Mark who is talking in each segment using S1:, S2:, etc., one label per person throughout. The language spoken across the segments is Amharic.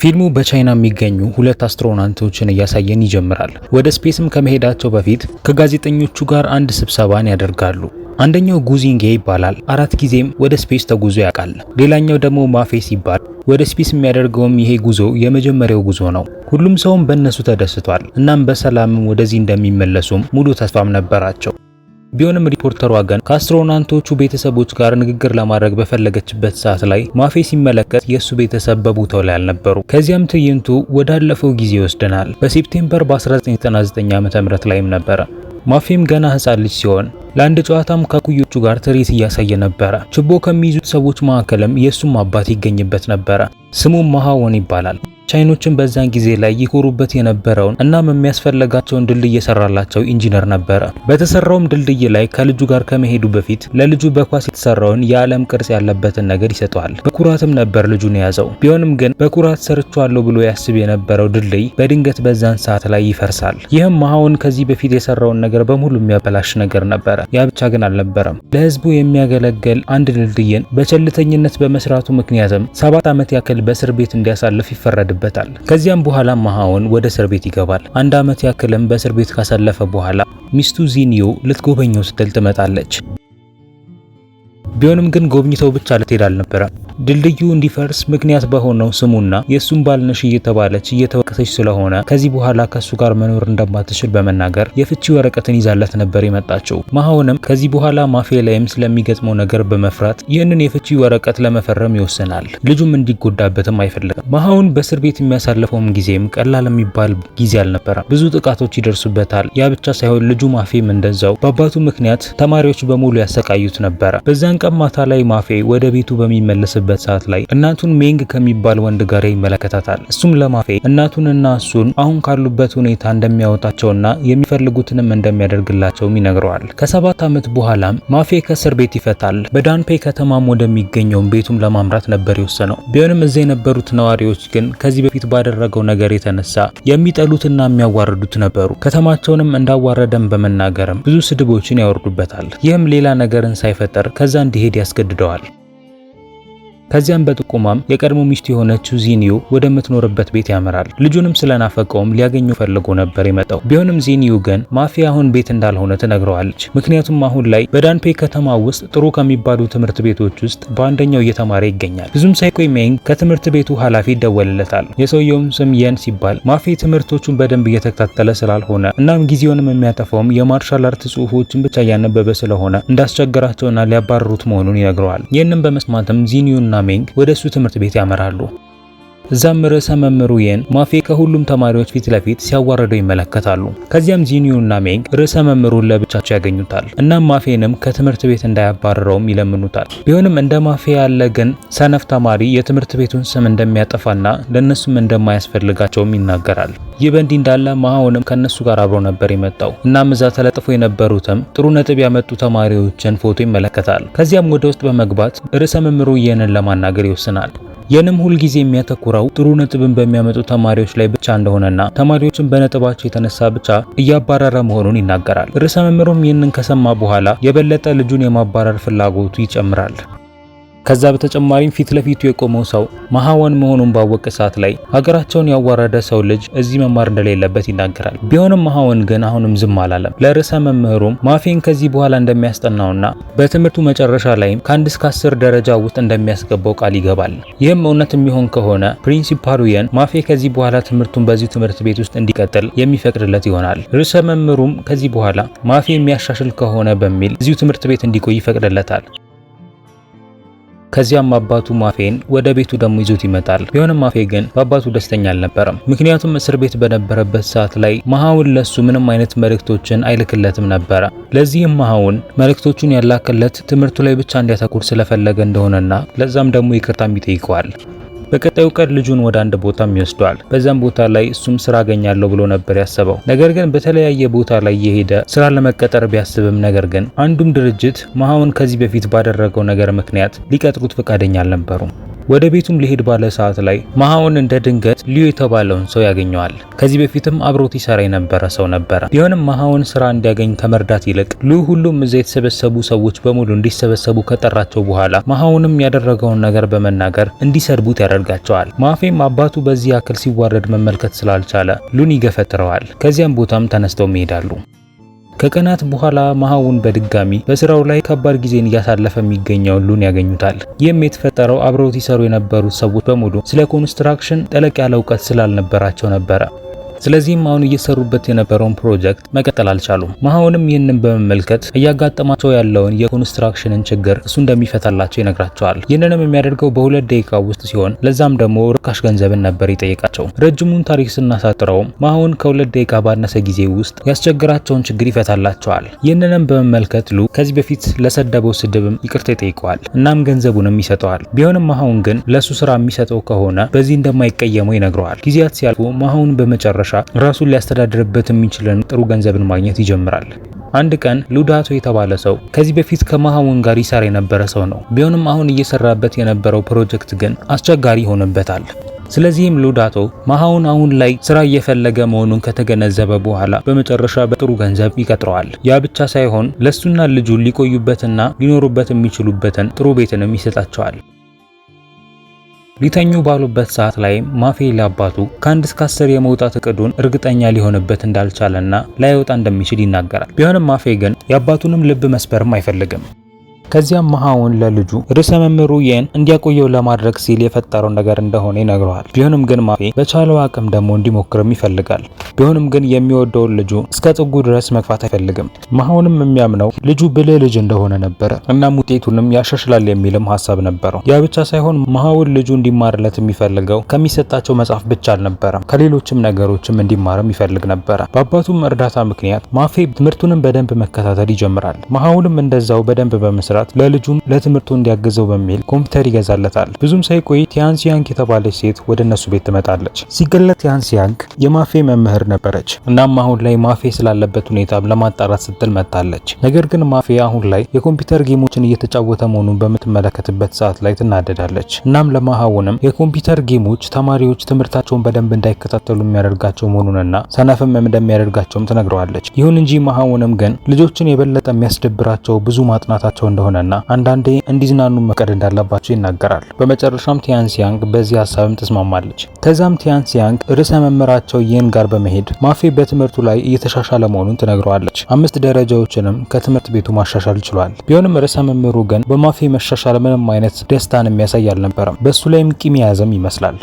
S1: ፊልሙ በቻይና የሚገኙ ሁለት አስትሮናውቶችን እያሳየን ይጀምራል። ወደ ስፔስም ከመሄዳቸው በፊት ከጋዜጠኞቹ ጋር አንድ ስብሰባን ያደርጋሉ። አንደኛው ጉዚንጌ ይባላል። አራት ጊዜም ወደ ስፔስ ተጉዞ ያውቃል። ሌላኛው ደግሞ ማፌስ ይባል። ወደ ስፔስ የሚያደርገውም ይሄ ጉዞ የመጀመሪያው ጉዞ ነው። ሁሉም ሰውም በእነሱ ተደስቷል። እናም በሰላምም ወደዚህ እንደሚመለሱም ሙሉ ተስፋም ነበራቸው። ቢሆንም ሪፖርተሯ ገን ከአስትሮናንቶቹ ቤተሰቦች ጋር ንግግር ለማድረግ በፈለገችበት ሰዓት ላይ ማፌ ሲመለከት የእሱ ቤተሰብ በቦታው ላይ አልነበሩ። ከዚያም ትዕይንቱ ወዳለፈው ጊዜ ይወስደናል። በሴፕቴምበር በ1999 ዓ.ም ላይም ነበረ። ማፌም ገና ህፃን ልጅ ሲሆን ለአንድ ጨዋታም ከኩዮቹ ጋር ትርኢት እያሳየ ነበረ። ችቦ ከሚይዙት ሰዎች መካከልም የእሱም አባት ይገኝበት ነበረ። ስሙም መሃወን ይባላል። ቻይኖችን በዛን ጊዜ ላይ ይኮሩበት የነበረውን እናም የሚያስፈልጋቸውን ድልድይ የሰራላቸው ኢንጂነር ነበረ። በተሰራውም ድልድይ ላይ ከልጁ ጋር ከመሄዱ በፊት ለልጁ በኳስ የተሰራውን የዓለም ቅርጽ ያለበትን ነገር ይሰጠዋል። በኩራትም ነበር ልጁን የያዘው። ቢሆንም ግን በኩራት ሰርቻለሁ ብሎ ያስብ የነበረው ድልድይ በድንገት በዛን ሰዓት ላይ ይፈርሳል። ይህም መሃውን ከዚህ በፊት የሰራውን ነገር በሙሉ የሚያበላሽ ነገር ነበረ። ያ ብቻ ግን አልነበረም። ለህዝቡ የሚያገለግል አንድ ድልድይን በቸልተኝነት በመስራቱ ምክንያትም ሰባት ዓመት ያክል በእስር ቤት እንዲያሳልፍ ይፈረዳል። ይፈረድበታል። ከዚያም በኋላ መሃውን ወደ እስር ቤት ይገባል። አንድ ዓመት ያክልም በእስር ቤት ካሳለፈ በኋላ ሚስቱ ዚኒዮ ልትጎበኘው ስትል ትመጣለች። ቢሆንም ግን ጎብኝተው ብቻ ልትሄድ አልነበረም። ድልድዩ እንዲፈርስ ምክንያት በሆነው ስሙና የእሱም ባልነሽ እየተባለች እየተወቀሰች ስለሆነ ከዚህ በኋላ ከእሱ ጋር መኖር እንደማትችል በመናገር የፍቺ ወረቀትን ይዛለት ነበር የመጣቸው። መሆንም ከዚህ በኋላ ማፌ ላይም ስለሚገጥመው ነገር በመፍራት ይህንን የፍቺ ወረቀት ለመፈረም ይወስናል። ልጁም እንዲጎዳበትም አይፈልግም። መሀውን በእስር ቤት የሚያሳልፈውም ጊዜም ቀላል የሚባል ጊዜ አልነበረም። ብዙ ጥቃቶች ይደርሱበታል። ያ ብቻ ሳይሆን ልጁ ማፌም እንደዛው በአባቱ ምክንያት ተማሪዎች በሙሉ ያሰቃዩት ነበረ። በዚያን ቀን ማታ ላይ ማፌ ወደ ቤቱ በሚመለስ በሚደርስበት ሰዓት ላይ እናቱን ሜንግ ከሚባል ወንድ ጋር ይመለከታታል። እሱም ለማፌ እናቱንና እሱን አሁን ካሉበት ሁኔታ እንደሚያወጣቸውና የሚፈልጉትንም እንደሚያደርግላቸውም ይነግረዋል። ከሰባት ዓመት በኋላም ማፌ ከእስር ቤት ይፈታል። በዳንፔ ከተማም ወደሚገኘው ቤቱም ለማምራት ነበር የወሰነው። ቢሆንም እዚ የነበሩት ነዋሪዎች ግን ከዚህ በፊት ባደረገው ነገር የተነሳ የሚጠሉትና የሚያዋርዱት ነበሩ። ከተማቸውንም እንዳዋረደም በመናገርም ብዙ ስድቦችን ያወርዱበታል። ይህም ሌላ ነገርን ሳይፈጠር ከዛ እንዲሄድ ያስገድደዋል። ከዚያም በጥቁማም የቀድሞ ሚስት የሆነችው ዚኒዮ ወደምትኖርበት ቤት ያመራል። ልጁንም ስለናፈቀውም ሊያገኘው ፈልጎ ነበር የመጣው። ቢሆንም ዚኒዮ ግን ማፊያ አሁን ቤት እንዳልሆነ ትነግረዋለች። ምክንያቱም አሁን ላይ በዳንፔ ከተማ ውስጥ ጥሩ ከሚባሉ ትምህርት ቤቶች ውስጥ በአንደኛው እየተማረ ይገኛል። ብዙም ሳይቆይ ሜንግ ከትምህርት ቤቱ ኃላፊ ይደወልለታል። የሰውየውም ስም የን ሲባል ማፌ ትምህርቶቹን በደንብ እየተከታተለ ስላልሆነ እናም ጊዜውንም የሚያጠፋውም የማርሻል አርት ጽሁፎችን ብቻ እያነበበ ስለሆነ እንዳስቸገራቸውና ሊያባረሩት መሆኑን ይነግረዋል። ይህንም በመስማትም ዚኒዮና ሻሜንግ ወደ እሱ ትምህርት ቤት ያመራሉ። እዛም ርዕሰ መምህሩ የን ማፌ ከሁሉም ተማሪዎች ፊት ለፊት ሲያዋረደው ይመለከታሉ። ከዚያም ዚኒዩና ሜንግ ርዕሰ መምህሩን ለብቻቸው ያገኙታል። እናም ማፌንም ከትምህርት ቤት እንዳያባረረውም ይለምኑታል። ቢሆንም እንደ ማፌ ያለ ግን ሰነፍ ተማሪ የትምህርት ቤቱን ስም እንደሚያጠፋና ለእነሱም እንደማያስፈልጋቸውም ይናገራል። ይህ በእንዲህ እንዳለ መሀውንም ከእነሱ ጋር አብሮ ነበር የመጣው። እናም እዛ ተለጥፎ የነበሩትም ጥሩ ነጥብ ያመጡ ተማሪዎችን ፎቶ ይመለከታል። ከዚያም ወደ ውስጥ በመግባት ርዕሰ መምህሩ የንን ለማናገር ይወስናል። የንም ሁልጊዜ የሚያተኩረው ጥሩ ነጥብን በሚያመጡ ተማሪዎች ላይ ብቻ እንደሆነና ተማሪዎችን በነጥባቸው የተነሳ ብቻ እያባረረ መሆኑን ይናገራል። ርዕሰ መምህሩም ይህንን ከሰማ በኋላ የበለጠ ልጁን የማባረር ፍላጎቱ ይጨምራል። ከዛ በተጨማሪም ፊት ለፊቱ የቆመው ሰው መሃወን መሆኑን ባወቀ ሰዓት ላይ ሀገራቸውን ያዋረደ ሰው ልጅ እዚህ መማር እንደሌለበት ይናገራል። ቢሆንም መሃወን ግን አሁንም ዝም አላለም። ለርዕሰ መምህሩም ማፌን ከዚህ በኋላ እንደሚያስጠናውና በትምህርቱ መጨረሻ ላይም ከአንድ እስከ አስር ደረጃ ውስጥ እንደሚያስገባው ቃል ይገባል። ይህም እውነት የሚሆን ከሆነ የን ማፌ ከዚህ በኋላ ትምህርቱን በዚህ ትምህርት ቤት ውስጥ እንዲቀጥል የሚፈቅድለት ይሆናል። ርዕሰ መምህሩም ከዚህ በኋላ ማፌ የሚያሻሽል ከሆነ በሚል እዚሁ ትምህርት ቤት እንዲቆይ ይፈቅድለታል። ከዚያም አባቱ ማፌን ወደ ቤቱ ደግሞ ይዞት ይመጣል። ቢሆንም ማፌ ግን በአባቱ ደስተኛ አልነበረም። ምክንያቱም እስር ቤት በነበረበት ሰዓት ላይ መሃውን ለሱ ምንም አይነት መልእክቶችን አይልክለትም ነበረ። ለዚህም መሃውን መልእክቶቹን ያላከለት ትምህርቱ ላይ ብቻ እንዲያተኩር ስለፈለገ እንደሆነና ለዛም ደግሞ ይቅርታም ይጠይቀዋል። በቀጣዩ ቀን ልጁን ወደ አንድ ቦታም ይወስደዋል። በዛም ቦታ ላይ እሱም ስራ አገኛለሁ ብሎ ነበር ያሰበው። ነገር ግን በተለያየ ቦታ ላይ የሄደ ስራ ለመቀጠር ቢያስብም ነገር ግን አንዱም ድርጅት መሀውን ከዚህ በፊት ባደረገው ነገር ምክንያት ሊቀጥሩት ፈቃደኛ አልነበሩም። ወደ ቤቱም ሊሄድ ባለ ሰዓት ላይ መሃውን እንደ ድንገት ሊዩ የተባለውን ሰው ያገኘዋል። ከዚህ በፊትም አብሮት ይሰራ የነበረ ሰው ነበረ። ቢሆንም መሃውን ስራ እንዲያገኝ ከመርዳት ይልቅ ልዩ ሁሉም እዚያ የተሰበሰቡ ሰዎች በሙሉ እንዲሰበሰቡ ከጠራቸው በኋላ መሃውንም ያደረገውን ነገር በመናገር እንዲሰድቡት ያደርጋቸዋል። ማፌም አባቱ በዚህ ያክል ሲዋረድ መመልከት ስላልቻለ ሉን ይገፈትረዋል። ከዚያም ቦታም ተነስተው ይሄዳሉ። ከቀናት በኋላ መሃውን በድጋሚ በስራው ላይ ከባድ ጊዜን እያሳለፈ የሚገኘው ሉን ያገኙታል። ይህም የተፈጠረው አብረውት ይሰሩ የነበሩት ሰዎች በሙሉ ስለ ኮንስትራክሽን ጠለቅ ያለ እውቀት ስላልነበራቸው ነበረ። ስለዚህም አሁን እየሰሩበት የነበረውን ፕሮጀክት መቀጠል አልቻሉም። መሀውንም ይህንን በመመልከት እያጋጠማቸው ያለውን የኮንስትራክሽንን ችግር እሱ እንደሚፈታላቸው ይነግራቸዋል። ይህንንም የሚያደርገው በሁለት ደቂቃ ውስጥ ሲሆን ለዛም ደግሞ ርካሽ ገንዘብን ነበር ይጠይቃቸው። ረጅሙን ታሪክ ስናሳጥረውም መሀውን ከሁለት ደቂቃ ባነሰ ጊዜ ውስጥ ያስቸግራቸውን ችግር ይፈታላቸዋል። ይህንንም በመመልከት ሉ ከዚህ በፊት ለሰደበው ስድብም ይቅርታ ይጠይቀዋል። እናም ገንዘቡንም ይሰጠዋል። ቢሆንም መሀውን ግን ለእሱ ስራ የሚሰጠው ከሆነ በዚህ እንደማይቀየመው ይነግረዋል። ጊዜያት ሲያልፉ መሀውን በመጨረሻ በመጨረሻ ራሱን ሊያስተዳድርበት የሚችልን ጥሩ ገንዘብን ማግኘት ይጀምራል። አንድ ቀን ሉዳቶ የተባለ ሰው ከዚህ በፊት ከመሃውን ጋር ይሰራ የነበረ ሰው ነው። ቢሆንም አሁን እየሰራበት የነበረው ፕሮጀክት ግን አስቸጋሪ ይሆንበታል። ስለዚህም ሉዳቶ መሃውን አሁን ላይ ስራ እየፈለገ መሆኑን ከተገነዘበ በኋላ በመጨረሻ በጥሩ ገንዘብ ይቀጥረዋል። ያ ብቻ ሳይሆን ለሱና ልጁ ሊቆዩበትና ሊኖሩበት የሚችሉበትን ጥሩ ቤትንም ይሰጣቸዋል። ሊተኙ ባሉበት ሰዓት ላይ ማፌ ለአባቱ ከአንድ እስከ አስር የመውጣት እቅዱን እርግጠኛ ሊሆንበት እንዳልቻለና ላይወጣ እንደሚችል ይናገራል። ቢሆንም ማፌ ግን የአባቱንም ልብ መስበርም አይፈልግም። ከዚያም መሃውን ለልጁ ርዕሰ መምህሩ የን እንዲያቆየው ለማድረግ ሲል የፈጠረው ነገር እንደሆነ ይነግረዋል። ቢሆንም ግን ማፌ በቻለው አቅም ደግሞ እንዲሞክርም ይፈልጋል። ቢሆንም ግን የሚወደውን ልጁ እስከ ጥጉ ድረስ መግፋት አይፈልግም። መሃውንም የሚያምነው ልጁ ብልህ ልጅ እንደሆነ ነበረ። እናም ውጤቱንም ያሻሽላል የሚልም ሀሳብ ነበረው። ያ ብቻ ሳይሆን መሃውን ልጁ እንዲማርለት የሚፈልገው ከሚሰጣቸው መጽሐፍ ብቻ አልነበረም፣ ከሌሎችም ነገሮችም እንዲማርም ይፈልግ ነበረ። በአባቱም እርዳታ ምክንያት ማፌ ትምህርቱንም በደንብ መከታተል ይጀምራል። መሃውንም እንደዛው በደንብ በመስራት በመግዛት ለልጁም ለትምህርቱ እንዲያግዘው በሚል ኮምፒውተር ይገዛለታል። ብዙም ሳይቆይ ቲያንሲያንክ የተባለች ሴት ወደ እነሱ ቤት ትመጣለች። ሲገለ ቲያንሲያንክ የማፌ መምህር ነበረች። እናም አሁን ላይ ማፌ ስላለበት ሁኔታ ለማጣራት ስትል መጥታለች። ነገር ግን ማፌ አሁን ላይ የኮምፒውተር ጌሞችን እየተጫወተ መሆኑን በምትመለከትበት ሰዓት ላይ ትናደዳለች። እናም ለማሀውንም የኮምፒውተር ጌሞች ተማሪዎች ትምህርታቸውን በደንብ እንዳይከታተሉ የሚያደርጋቸው መሆኑንና ሰነፍም እንደሚያደርጋቸውም ትነግረዋለች። ይሁን እንጂ መሀውንም ግን ልጆችን የበለጠ የሚያስደብራቸው ብዙ ማጥናታቸው እንደሆነ እንደሆነና አንዳንዴ እንዲዝናኑ መፍቀድ እንዳለባቸው ይናገራል። በመጨረሻም ቲያንሲያንግ በዚህ ሀሳብም ትስማማለች። ከዛም ቲያንሲያንግ ርዕሰ መምህራቸው ይን ጋር በመሄድ ማፌ በትምህርቱ ላይ እየተሻሻለ መሆኑን ትነግረዋለች። አምስት ደረጃዎችንም ከትምህርት ቤቱ ማሻሻል ችሏል። ቢሆንም ርዕሰ መምህሩ ግን በማፌ መሻሻል ምንም አይነት ደስታን የሚያሳይ አልነበረም። በእሱ ላይም ቂም የያዘም ይመስላል።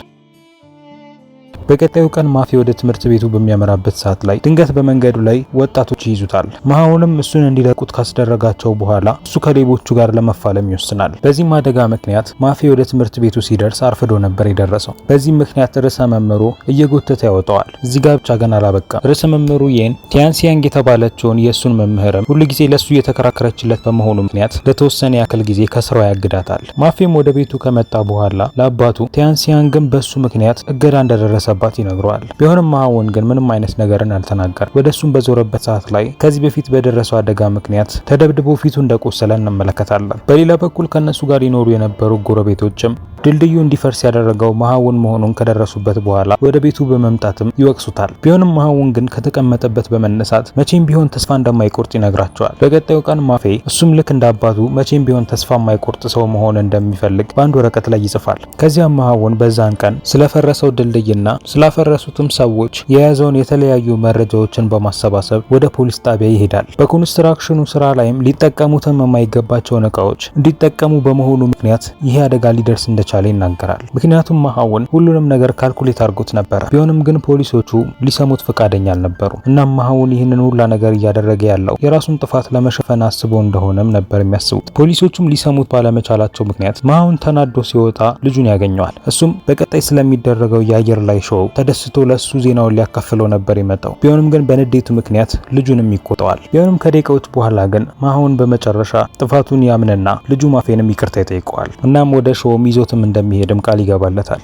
S1: በቀጣዩ ቀን ማፊ ወደ ትምህርት ቤቱ በሚያመራበት ሰዓት ላይ ድንገት በመንገዱ ላይ ወጣቶች ይይዙታል። መሀውልም እሱን እንዲለቁት ካስደረጋቸው በኋላ እሱ ከሌቦቹ ጋር ለመፋለም ይወስናል። በዚህም አደጋ ምክንያት ማፊ ወደ ትምህርት ቤቱ ሲደርስ አርፍዶ ነበር የደረሰው። በዚህም ምክንያት ርዕሰ መምህሩ እየጎተተ ያወጣዋል። እዚህ ጋር ብቻ ገና አላበቃም። ርዕሰ መምህሩ ይህን ቲያንሲያንግ የተባለችውን የእሱን መምህርም ሁሉ ጊዜ ለእሱ የተከራከረችለት በመሆኑ ምክንያት ለተወሰነ ያክል ጊዜ ከስራው ያግዳታል። ማፊም ወደ ቤቱ ከመጣ በኋላ ለአባቱ ቲያንሲያንግም በእሱ ምክንያት እገዳ እንደደረሰ እንደሚገባት ይነግረዋል። ቢሆንም አሁን ግን ምንም አይነት ነገርን አልተናገር ወደ እሱም በዞረበት ሰዓት ላይ ከዚህ በፊት በደረሰው አደጋ ምክንያት ተደብድቦ ፊቱ እንደቆሰለ እንመለከታለን። በሌላ በኩል ከነሱ ጋር ይኖሩ የነበሩ ጎረቤቶችም ድልድዩ እንዲፈርስ ያደረገው መሐውን መሆኑን ከደረሱበት በኋላ ወደ ቤቱ በመምጣትም ይወቅሱታል። ቢሆንም መሐውን ግን ከተቀመጠበት በመነሳት መቼም ቢሆን ተስፋ እንደማይቆርጥ ይነግራቸዋል። በቀጣዩ ቀን ማፌ እሱም ልክ እንደ አባቱ መቼም ቢሆን ተስፋ የማይቆርጥ ሰው መሆን እንደሚፈልግ በአንድ ወረቀት ላይ ይጽፋል። ከዚያም መሐውን በዛን ቀን ስለፈረሰው ድልድይና ስላፈረሱትም ሰዎች የያዘውን የተለያዩ መረጃዎችን በማሰባሰብ ወደ ፖሊስ ጣቢያ ይሄዳል። በኮንስትራክሽኑ ስራ ላይም ሊጠቀሙትም የማይገባቸውን እቃዎች እንዲጠቀሙ በመሆኑ ምክንያት ይሄ አደጋ ሊደርስ እንደ እንዳልቻለ ይናገራል። ምክንያቱም መሀውን ሁሉንም ነገር ካልኩሌት አድርጎት ነበረ። ቢሆንም ግን ፖሊሶቹ ሊሰሙት ፈቃደኛ አልነበሩ። እናም መሀውን ይህንን ሁላ ነገር እያደረገ ያለው የራሱን ጥፋት ለመሸፈን አስቦ እንደሆነም ነበር የሚያስቡት። ፖሊሶቹም ሊሰሙት ባለመቻላቸው ምክንያት መሐውን ተናዶ ሲወጣ ልጁን ያገኘዋል። እሱም በቀጣይ ስለሚደረገው የአየር ላይ ሾው ተደስቶ ለእሱ ዜናውን ሊያካፍለው ነበር የመጣው። ቢሆንም ግን በንዴቱ ምክንያት ልጁንም ይቆጠዋል። ቢሆንም ከደቂቃዎች በኋላ ግን መሐውን በመጨረሻ ጥፋቱን ያምንና ልጁ ማፌንም ይቅርታ ይጠይቀዋል። እናም ወደ ሾውም ይዞት የትም እንደሚሄድም ቃል ይገባለታል።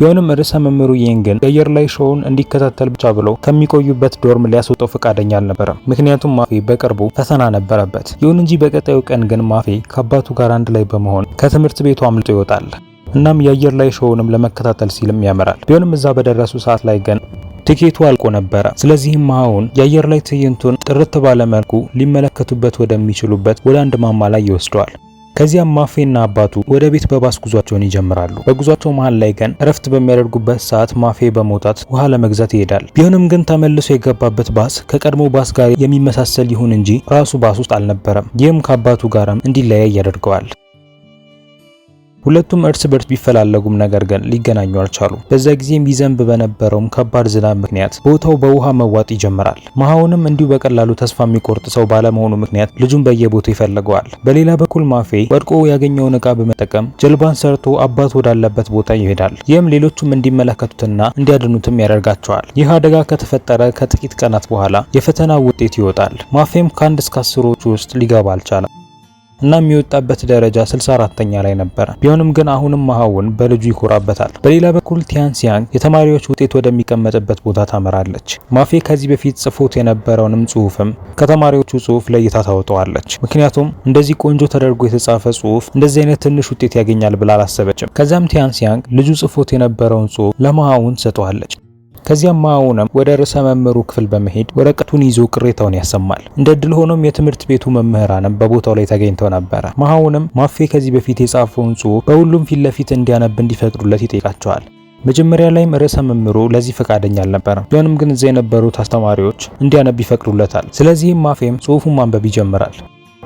S1: ቢሆንም ርዕሰ መምህሩ ይህን ግን የአየር ላይ ሾውን እንዲከታተል ብቻ ብሎ ከሚቆዩበት ዶርም ሊያስወጣው ፈቃደኛ አልነበረም። ምክንያቱም ማፌ በቅርቡ ፈተና ነበረበት። ይሁን እንጂ በቀጣዩ ቀን ግን ማፌ ከአባቱ ጋር አንድ ላይ በመሆን ከትምህርት ቤቱ አምልጦ ይወጣል። እናም የአየር ላይ ሾውንም ለመከታተል ሲልም ያመራል። ቢሆንም እዛ በደረሱ ሰዓት ላይ ግን ትኬቱ አልቆ ነበረ። ስለዚህም አሁን የአየር ላይ ትዕይንቱን ጥርት ባለ መልኩ ሊመለከቱበት ወደሚችሉበት ወደ አንድ ማማ ላይ ይወስደዋል። ከዚያም ማፌና አባቱ ወደ ቤት በባስ ጉዟቸውን ይጀምራሉ። በጉዟቸው መሀል ላይ ግን እረፍት በሚያደርጉበት ሰዓት ማፌ በመውጣት ውሃ ለመግዛት ይሄዳል። ቢሆንም ግን ተመልሶ የገባበት ባስ ከቀድሞ ባስ ጋር የሚመሳሰል ይሁን እንጂ ራሱ ባስ ውስጥ አልነበረም። ይህም ከአባቱ ጋርም እንዲለያይ ያደርገዋል። ሁለቱም እርስ በርስ ቢፈላለጉም ነገር ግን ሊገናኙ አልቻሉ። በዛ ጊዜም ሚዘንብ በነበረውም ከባድ ዝናብ ምክንያት ቦታው በውሃ መዋጥ ይጀምራል። መሃውንም እንዲሁ በቀላሉ ተስፋ የሚቆርጥ ሰው ባለመሆኑ ምክንያት ልጁን በየቦታው ይፈልገዋል። በሌላ በኩል ማፌ ወድቆ ያገኘውን እቃ በመጠቀም ጀልባን ሰርቶ አባት ወዳለበት ቦታ ይሄዳል። ይህም ሌሎቹም እንዲመለከቱትና እንዲያድኑትም ያደርጋቸዋል። ይህ አደጋ ከተፈጠረ ከጥቂት ቀናት በኋላ የፈተና ውጤት ይወጣል። ማፌም ከአንድ እስከ አስሮቹ ውስጥ ሊገባ አልቻለም። እና የሚወጣበት ደረጃ 64ኛ ላይ ነበረ። ቢሆንም ግን አሁንም መሀውን በልጁ ይኮራበታል። በሌላ በኩል ቲያንሲያንግ የተማሪዎች ውጤት ወደሚቀመጥበት ቦታ ታመራለች። ማፌ ከዚህ በፊት ጽፎት የነበረውንም ጽሁፍም ከተማሪዎቹ ጽሁፍ ለይታ ታወጣዋለች። ምክንያቱም እንደዚህ ቆንጆ ተደርጎ የተጻፈ ጽሁፍ እንደዚህ አይነት ትንሽ ውጤት ያገኛል ብላ አላሰበችም። ከዚያም ቲያንሲያንግ ልጁ ጽፎት የነበረውን ጽሁፍ ለመሀውን ሰጠዋለች። ከዚያም ማውነም ወደ ርዕሰ መምህሩ ክፍል በመሄድ ወረቀቱን ይዞ ቅሬታውን ያሰማል። እንደ ድል ሆኖም የትምህርት ቤቱ መምህራንም በቦታው ላይ ተገኝተው ነበረ። መሀውንም ማፌ ከዚህ በፊት የጻፈውን ጽሑፍ በሁሉም ፊት ለፊት እንዲያነብ እንዲፈቅዱለት ይጠይቃቸዋል። መጀመሪያ ላይም ርዕሰ መምህሩ ለዚህ ፈቃደኛ አልነበረም። ቢሆንም ግን እዚያ የነበሩት አስተማሪዎች እንዲያነብ ይፈቅዱለታል። ስለዚህም ማፌም ጽሑፉን ማንበብ ይጀምራል።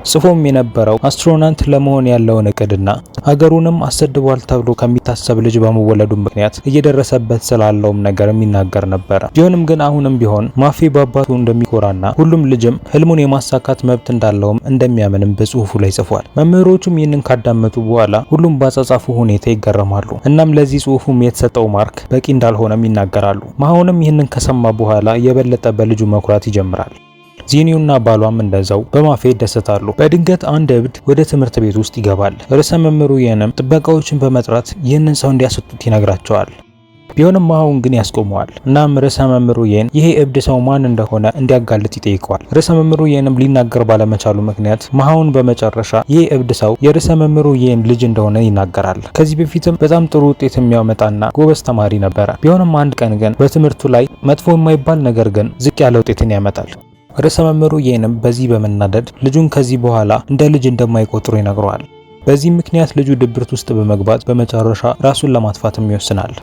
S1: ጽፎም የነበረው አስትሮናንት ለመሆን ያለውን እቅድና ሀገሩንም አሰድቧል ተብሎ ከሚታሰብ ልጅ በመወለዱ ምክንያት እየደረሰበት ስላለውም ነገርም ይናገር ነበር። ቢሆንም ግን አሁንም ቢሆን ማፌ በአባቱ እንደሚኮራና ሁሉም ልጅም ህልሙን የማሳካት መብት እንዳለውም እንደሚያምንም በጽሁፉ ላይ ጽፏል። መምህሮቹም ይህንን ካዳመጡ በኋላ ሁሉም ባጻጻፉ ሁኔታ ይገረማሉ። እናም ለዚህ ጽሁፉም የተሰጠው ማርክ በቂ እንዳልሆነም ይናገራሉ። መሆንም ይህንን ከሰማ በኋላ የበለጠ በልጁ መኩራት ይጀምራል። ዜኒውና ባሏም እንደዛው በማፌ ይደሰታሉ። በድንገት አንድ እብድ ወደ ትምህርት ቤት ውስጥ ይገባል። ርዕሰ መምህሩ ይህንም ጥበቃዎችን በመጥራት ይህንን ሰው እንዲያስጡት ይነግራቸዋል። ቢሆንም አሁን ግን ያስቆመዋል። እናም ርዕሰ መምህሩ ይህን ይሄ እብድ ሰው ማን እንደሆነ እንዲያጋልጥ ይጠይቀዋል። ርዕሰ መምህሩ ይህንም ሊናገር ባለመቻሉ ምክንያት መሃውን በመጨረሻ ይህ እብድ ሰው የርዕሰ መምህሩ ይህን ልጅ እንደሆነ ይናገራል። ከዚህ በፊትም በጣም ጥሩ ውጤት የሚያመጣና ጎበዝ ተማሪ ነበረ። ቢሆንም አንድ ቀን ግን በትምህርቱ ላይ መጥፎ የማይባል ነገር ግን ዝቅ ያለ ውጤትን ያመጣል። ርዕሰ መምህሩ ይህንም በዚህ በመናደድ ልጁን ከዚህ በኋላ እንደ ልጅ እንደማይቆጥሩ ይነግረዋል። በዚህ ምክንያት ልጁ ድብርት ውስጥ በመግባት በመጨረሻ ራሱን ለማጥፋትም ይወስናል።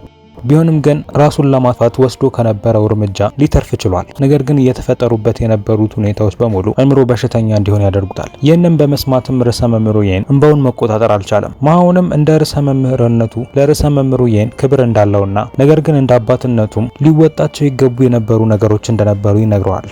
S1: ቢሆንም ግን ራሱን ለማጥፋት ወስዶ ከነበረው እርምጃ ሊተርፍ ችሏል። ነገር ግን እየተፈጠሩበት የነበሩት ሁኔታዎች በሙሉ አእምሮ በሽተኛ እንዲሆን ያደርጉታል። ይህንም በመስማትም ርዕሰ መምህሩ ይን እንባውን መቆጣጠር አልቻለም። መሀውንም እንደ ርዕሰ መምህርነቱ ለርዕሰ መምህሩ ይን ክብር እንዳለውና ነገር ግን እንደ አባትነቱም ሊወጣቸው ይገቡ የነበሩ ነገሮች እንደነበሩ ይነግረዋል።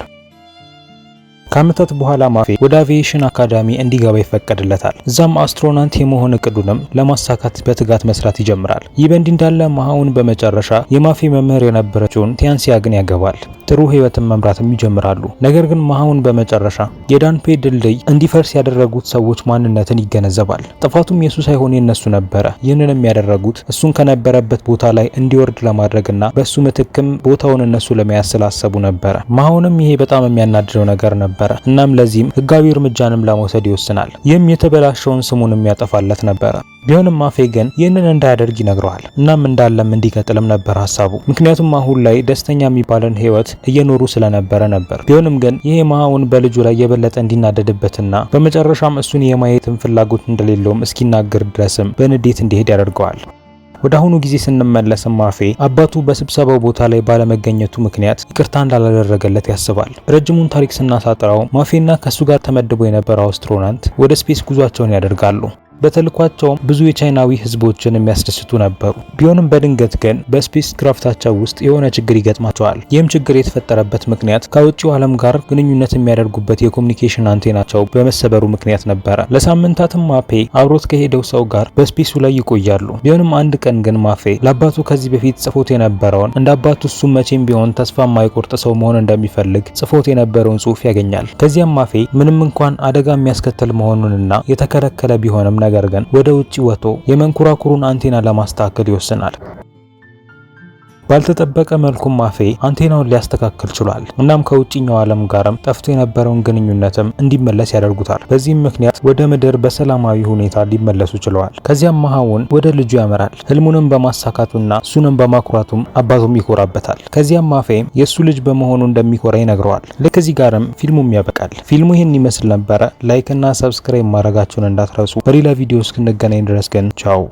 S1: ከአመታት በኋላ ማፌ ወደ አቪዬሽን አካዳሚ እንዲገባ ይፈቀድለታል። እዛም አስትሮናንት የመሆን እቅዱንም ለማሳካት በትጋት መስራት ይጀምራል። ይህ በእንዲህ እንዳለ መሃውን በመጨረሻ የማፌ መምህር የነበረችውን ቲያንሲያግን ያገባል። ጥሩ ህይወትን መምራትም ይጀምራሉ። ነገር ግን መሃውን በመጨረሻ የዳንፔ ድልድይ እንዲፈርስ ያደረጉት ሰዎች ማንነትን ይገነዘባል። ጥፋቱም የሱ ሳይሆን የነሱ ነበረ። ይህንንም ያደረጉት እሱን ከነበረበት ቦታ ላይ እንዲወርድ ለማድረግና በእሱ ምትክም ቦታውን እነሱ ለመያዝ ስላሰቡ ነበረ። መሀውንም ይሄ በጣም የሚያናድደው ነገር ነበር። ነበረ። እናም ለዚህም ህጋዊ እርምጃንም ለመውሰድ ይወስናል። ይህም የተበላሸውን ስሙንም ያጠፋለት ነበረ። ቢሆንም አፌ ግን ይህንን እንዳያደርግ ይነግረዋል። እናም እንዳለም እንዲቀጥልም ነበር ሀሳቡ። ምክንያቱም አሁን ላይ ደስተኛ የሚባልን ህይወት እየኖሩ ስለነበረ ነበር። ቢሆንም ግን ይሄ መሃውን በልጁ ላይ የበለጠ እንዲናደድበትና በመጨረሻም እሱን የማየትን ፍላጎት እንደሌለውም እስኪናገር ድረስም በንዴት እንዲሄድ ያደርገዋል። ወደ አሁኑ ጊዜ ስንመለስ ማፌ አባቱ በስብሰባው ቦታ ላይ ባለመገኘቱ ምክንያት ይቅርታ እንዳላደረገለት ያስባል። ረጅሙን ታሪክ ስናሳጥረው ማፌና ከሱ ጋር ተመድቦ የነበረው አስትሮናንት ወደ ስፔስ ጉዟቸውን ያደርጋሉ። በተልኳቸውም ብዙ የቻይናዊ ህዝቦችን የሚያስደስቱ ነበሩ። ቢሆንም በድንገት ግን በስፔስ ክራፍታቸው ውስጥ የሆነ ችግር ይገጥማቸዋል። ይህም ችግር የተፈጠረበት ምክንያት ከውጭው ዓለም ጋር ግንኙነት የሚያደርጉበት የኮሚኒኬሽን አንቴናቸው በመሰበሩ ምክንያት ነበረ። ለሳምንታትም ማፌ አብሮት ከሄደው ሰው ጋር በስፔሱ ላይ ይቆያሉ። ቢሆንም አንድ ቀን ግን ማፌ ለአባቱ ከዚህ በፊት ጽፎት የነበረውን እንደ አባቱ እሱም መቼም ቢሆን ተስፋ የማይቆርጥ ሰው መሆን እንደሚፈልግ ጽፎት የነበረውን ጽሁፍ ያገኛል። ከዚያም ማፌ ምንም እንኳን አደጋ የሚያስከትል መሆኑንና የተከለከለ ቢሆንም ነገር ግን ወደ ውጭ ወጥቶ የመንኮራኩሩን አንቴና ለማስተካከል ይወስናል። ባልተጠበቀ መልኩም ማፌ አንቴናውን ሊያስተካክል ችሏል። እናም ከውጭኛው ዓለም ጋርም ጠፍቶ የነበረውን ግንኙነትም እንዲመለስ ያደርጉታል። በዚህም ምክንያት ወደ ምድር በሰላማዊ ሁኔታ ሊመለሱ ችለዋል። ከዚያም መሃውን ወደ ልጁ ያመራል። ህልሙንም በማሳካቱና እሱንም በማኩራቱም አባቱም ይኮራበታል። ከዚያም ማፌ የእሱ ልጅ በመሆኑ እንደሚኮራ ይነግረዋል። ልክ እዚህ ጋርም ፊልሙም ያበቃል። ፊልሙ ይህን ይመስል ነበረ። ላይክና ሰብስክራይብ ማድረጋችሁን እንዳትረሱ። በሌላ ቪዲዮ እስክንገናኝ ድረስ ግን ቻው።